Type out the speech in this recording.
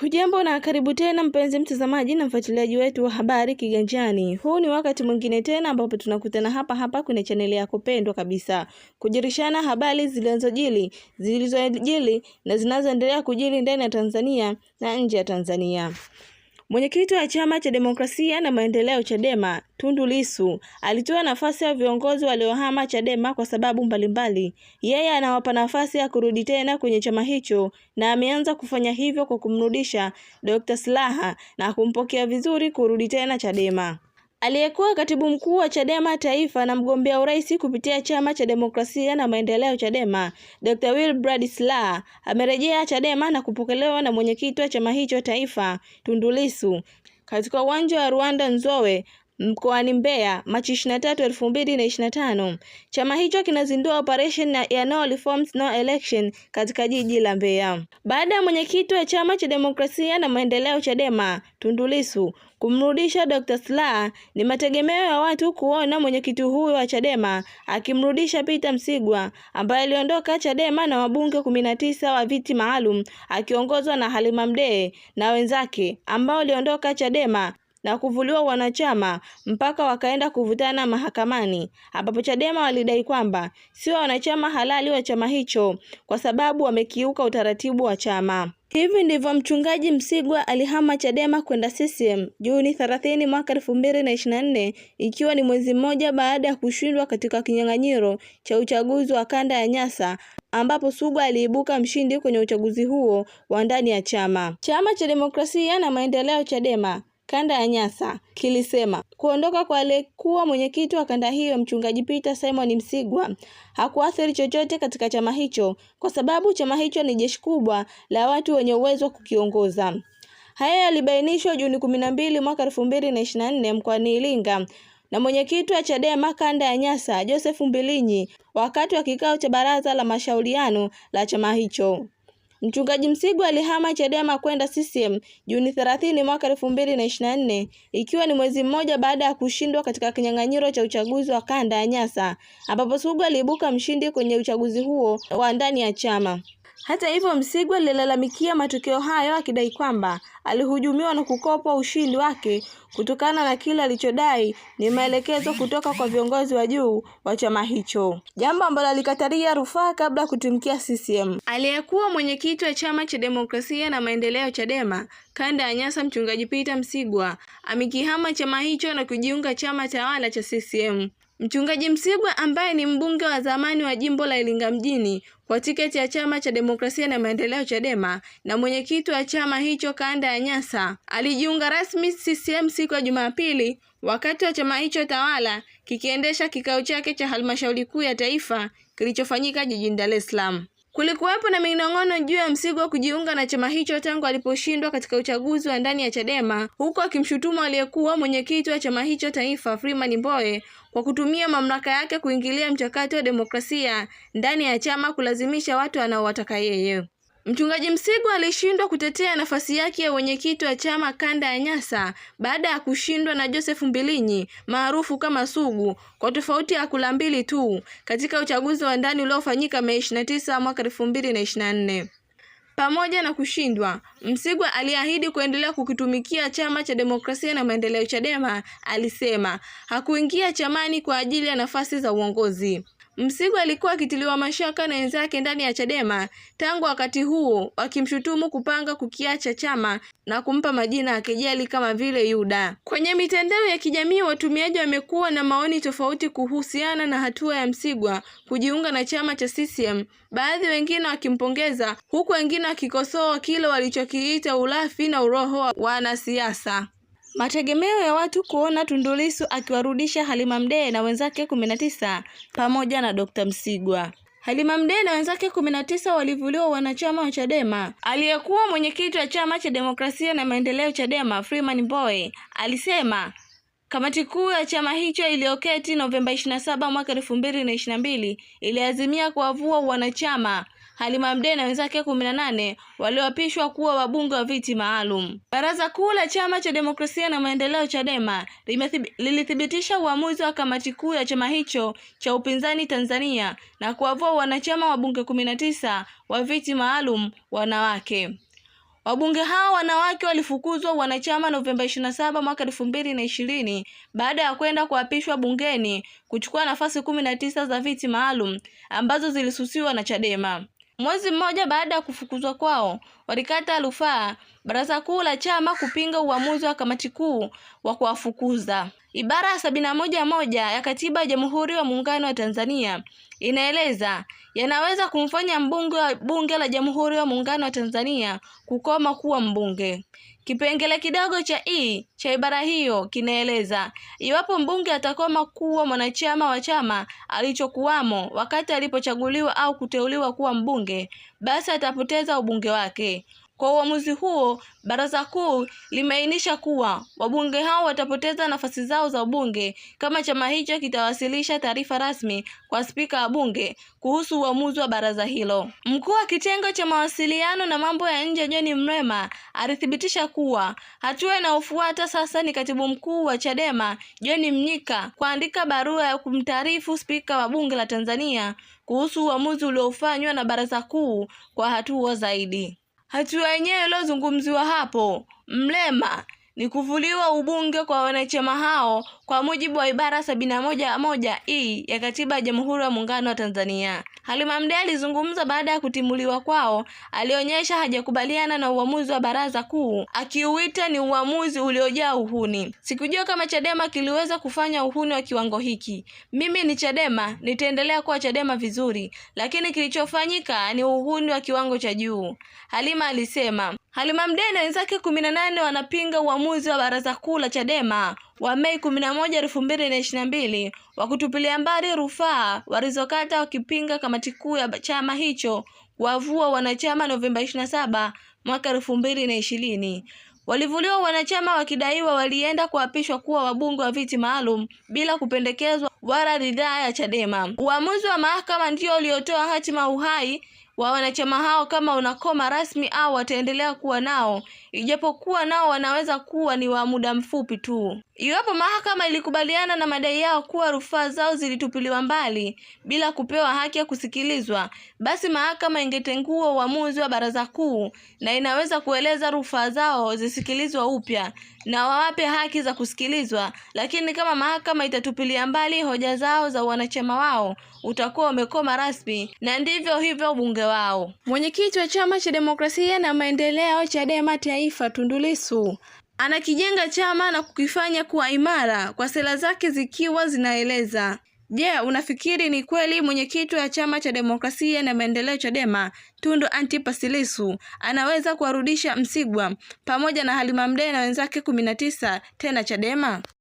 Hujambo na karibu tena mpenzi mtazamaji na mfuatiliaji wetu wa habari Kiganjani. Huu ni wakati mwingine tena ambapo tunakutana hapa hapa kwenye chaneli yako pendwa kabisa kujirishana habari zilizojili zilizojili na zinazoendelea kujili ndani ya Tanzania na nje ya Tanzania. Mwenyekiti wa Chama cha Demokrasia na Maendeleo Chadema Tundu Lissu alitoa nafasi ya viongozi waliohama Chadema kwa sababu mbalimbali. Yeye anawapa nafasi ya kurudi tena kwenye chama hicho na ameanza kufanya hivyo kwa kumrudisha Dr. Slaa na kumpokea vizuri kurudi tena Chadema. Aliyekuwa katibu mkuu wa Chadema Taifa na mgombea urais kupitia Chama cha Demokrasia na Maendeleo Chadema, Dr. Wilbrad Slaa amerejea Chadema na kupokelewa na mwenyekiti wa chama hicho Taifa, Tundu Lissu katika uwanja wa Rwanda Nzowe mkoani Mbeya Machi 23, 2025. Chama hicho kinazindua operation ya no reforms no election katika jiji la Mbeya baada ya mwenyekiti wa chama cha demokrasia na maendeleo Chadema Tundu Lissu kumrudisha Dr. Slaa. Ni mategemeo ya watu kuona mwenyekiti huyo wa Chadema akimrudisha Peter Msigwa ambaye aliondoka Chadema na wabunge kumi wa viti maalum akiongozwa na Halima Mdee na wenzake ambao aliondoka Chadema na kuvuliwa wanachama mpaka wakaenda kuvutana mahakamani, ambapo Chadema walidai kwamba sio wanachama halali wa chama hicho kwa sababu wamekiuka utaratibu wa chama. Hivi ndivyo mchungaji Msigwa alihama Chadema kwenda CCM Juni 30 mwaka 2024, ikiwa ni mwezi mmoja baada ya kushindwa katika kinyang'anyiro cha uchaguzi wa kanda ya Nyasa ambapo Sugwa aliibuka mshindi kwenye uchaguzi huo wa ndani ya chama. Chama cha Demokrasia na Maendeleo Chadema kanda ya Nyasa kilisema kuondoka kwa aliyekuwa mwenyekiti wa kanda hiyo mchungaji Peter Simon Msigwa hakuathiri chochote katika chama hicho kwa sababu chama hicho ni jeshi kubwa la watu wenye uwezo wa kukiongoza. Haya yalibainishwa Juni kumi na mbili mwaka elfu mbili na ishirini na nne mkoani Iringa na mwenyekiti wa Chadema kanda ya Nyasa Joseph Mbilinyi wakati wa kikao cha baraza la mashauriano la chama hicho. Mchungaji Msigwa alihama Chadema kwenda CCM Juni 30 mwaka 2024 ikiwa ni mwezi mmoja baada ya kushindwa katika kinyang'anyiro cha uchaguzi wa kanda ya Nyasa ambapo sugu aliibuka mshindi kwenye uchaguzi huo wa ndani ya chama. Hata hivyo, Msigwa alilalamikia matokeo hayo akidai kwamba alihujumiwa na kukopwa ushindi wake kutokana na kile alichodai ni maelekezo kutoka kwa viongozi wa juu wa chama hicho, jambo ambalo alikataria rufaa kabla ya kutimkia CCM. Aliyekuwa mwenyekiti wa chama cha demokrasia na maendeleo Chadema kanda ya Nyasa, mchungaji Peter Msigwa amekihama chama hicho na kujiunga chama tawala cha CCM. Mchungaji Msigwa ambaye ni mbunge wa zamani wa jimbo la Iringa mjini kwa tiketi ya chama cha demokrasia na maendeleo Chadema na mwenyekiti wa chama hicho kanda ya Nyasa alijiunga rasmi CCM siku ya Jumapili wakati wa chama hicho tawala kikiendesha kikao chake cha halmashauri kuu ya taifa kilichofanyika jijini Dar es Salaam. Kulikuwepo na minong'ono juu ya Msigwa kujiunga na chama hicho tangu aliposhindwa katika uchaguzi wa ndani ya Chadema, huku akimshutumu aliyekuwa mwenyekiti wa chama hicho taifa Freeman Mbowe kwa kutumia mamlaka yake kuingilia mchakato wa demokrasia ndani ya chama, kulazimisha watu anaowataka yeye. Mchungaji Msigwa alishindwa kutetea nafasi yake ya wenyekiti wa chama kanda ya Nyasa baada ya kushindwa na Joseph Mbilinyi maarufu kama Sugu kwa tofauti ya kula mbili tu katika uchaguzi wa ndani uliofanyika Mei 29 mwaka 2024. Pamoja na kushindwa, Msigwa aliahidi kuendelea kukitumikia chama cha demokrasia na maendeleo, Chadema. Alisema hakuingia chamani kwa ajili ya nafasi za uongozi. Msigwa alikuwa akitiliwa mashaka na wenzake ndani ya Chadema tangu wakati huo, wakimshutumu kupanga kukiacha chama na kumpa majina ya kejeli kama vile Yuda. Kwenye mitandao ya kijamii, watumiaji wamekuwa na maoni tofauti kuhusiana na hatua ya Msigwa kujiunga na chama cha CCM, baadhi wengine wakimpongeza, huku wengine wakikosoa kile walichokiita ulafi na uroho wa wanasiasa. Mategemeo ya watu kuona Tundu Lissu akiwarudisha Halima Mdee na wenzake kumi na tisa pamoja na Dr. Msigwa. Halima Mdee na wenzake kumi na tisa walivuliwa wanachama wa Chadema. Aliyekuwa mwenyekiti wa chama cha demokrasia na maendeleo Chadema, Freeman Mbowe alisema kamati kuu ya chama hicho iliyoketi Novemba 27 mwaka 2022 iliazimia kuwavua wanachama Halima Mdee na wenzake kumi na nane walioapishwa kuwa wabunge wa viti maalum. Baraza Kuu la Chama cha Demokrasia na Maendeleo Chadema lilithibitisha uamuzi wa kamati kuu ya chama hicho cha upinzani Tanzania na kuwavua wanachama wabunge kumi na tisa wa viti maalum wanawake. Wabunge hao wanawake walifukuzwa wanachama Novemba 27 mwaka 2020 baada ya kwenda kuapishwa bungeni kuchukua nafasi kumi na tisa za viti maalum ambazo zilisusiwa na Chadema. Mwezi mmoja baada ya kufukuzwa kwao walikata rufaa Baraza Kuu la chama kupinga uamuzi wa kamati kuu wa kuwafukuza. Ibara ya sabini na moja moja ya katiba ya Jamhuri wa Muungano wa Tanzania inaeleza yanaweza kumfanya mbunge wa Bunge la Jamhuri wa Muungano wa Tanzania kukoma kuwa mbunge. Kipengele kidogo cha i e cha ibara hiyo kinaeleza iwapo mbunge atakoma kuwa mwanachama wa chama alichokuwamo wakati alipochaguliwa au kuteuliwa kuwa mbunge, basi atapoteza ubunge wake. Kwa uamuzi huo, Baraza Kuu limeainisha kuwa wabunge hao watapoteza nafasi zao za ubunge kama chama hicho kitawasilisha taarifa rasmi kwa spika wa bunge kuhusu uamuzi wa baraza hilo. Mkuu wa kitengo cha mawasiliano na mambo ya nje John Mrema alithibitisha kuwa hatua inayofuata sasa ni katibu mkuu wa Chadema John Mnyika kuandika barua ya kumtaarifu spika wa bunge la Tanzania kuhusu uamuzi uliofanywa na Baraza Kuu kwa hatua zaidi. Hatua yenyewe iliyozungumziwa hapo, mlema ni kuvuliwa ubunge kwa wanachama hao kwa mujibu wa ibara sabini na moja moja i e ya Katiba ya Jamhuri ya Muungano wa Tanzania. Halima Mdee alizungumza baada ya kutimuliwa kwao, alionyesha hajakubaliana na uamuzi wa Baraza Kuu akiuita ni uamuzi uliojaa uhuni. Sikujua kama Chadema kiliweza kufanya uhuni wa kiwango hiki. Mimi ni Chadema, nitaendelea kuwa Chadema vizuri, lakini kilichofanyika ni uhuni wa kiwango cha juu, Halima alisema. Halima Mdee na wenzake kumi na nane wanapinga uamuzi uamuzi wa Baraza Kuu la Chadema wa Mei 11, 2022 wa kutupilia mbali rufaa walizokata wakipinga kamati kuu ya chama hicho kuwavua wanachama Novemba 27 mwaka 2020. Walivuliwa wanachama wakidaiwa walienda kuapishwa kuwa wabunge wa viti maalum bila kupendekezwa wala ridhaa ya Chadema. Uamuzi wa mahakama ndio uliotoa hatima uhai wa wanachama hao kama unakoma rasmi au wataendelea kuwa nao, ijapokuwa nao wanaweza kuwa ni wa muda mfupi tu. Iwapo mahakama ilikubaliana na madai yao kuwa rufaa zao zilitupiliwa mbali bila kupewa haki ya kusikilizwa, basi mahakama ingetengua uamuzi wa Baraza Kuu na inaweza kueleza rufaa zao zisikilizwe upya na wawape haki za kusikilizwa, lakini kama mahakama itatupilia mbali hoja zao za wanachama wao utakuwa umekoma rasmi, na ndivyo hivyo bunge wao. Mwenyekiti wa Chama cha Demokrasia na Maendeleo Chadema Taifa, Tundu Lissu anakijenga chama na kukifanya kuwa imara kwa sera zake zikiwa zinaeleza Je, yeah, unafikiri ni kweli mwenyekiti wa chama cha demokrasia na maendeleo Chadema Tundu Antipas Lissu anaweza kuwarudisha Msigwa pamoja na Halima Mdee na wenzake kumi na tisa tena Chadema?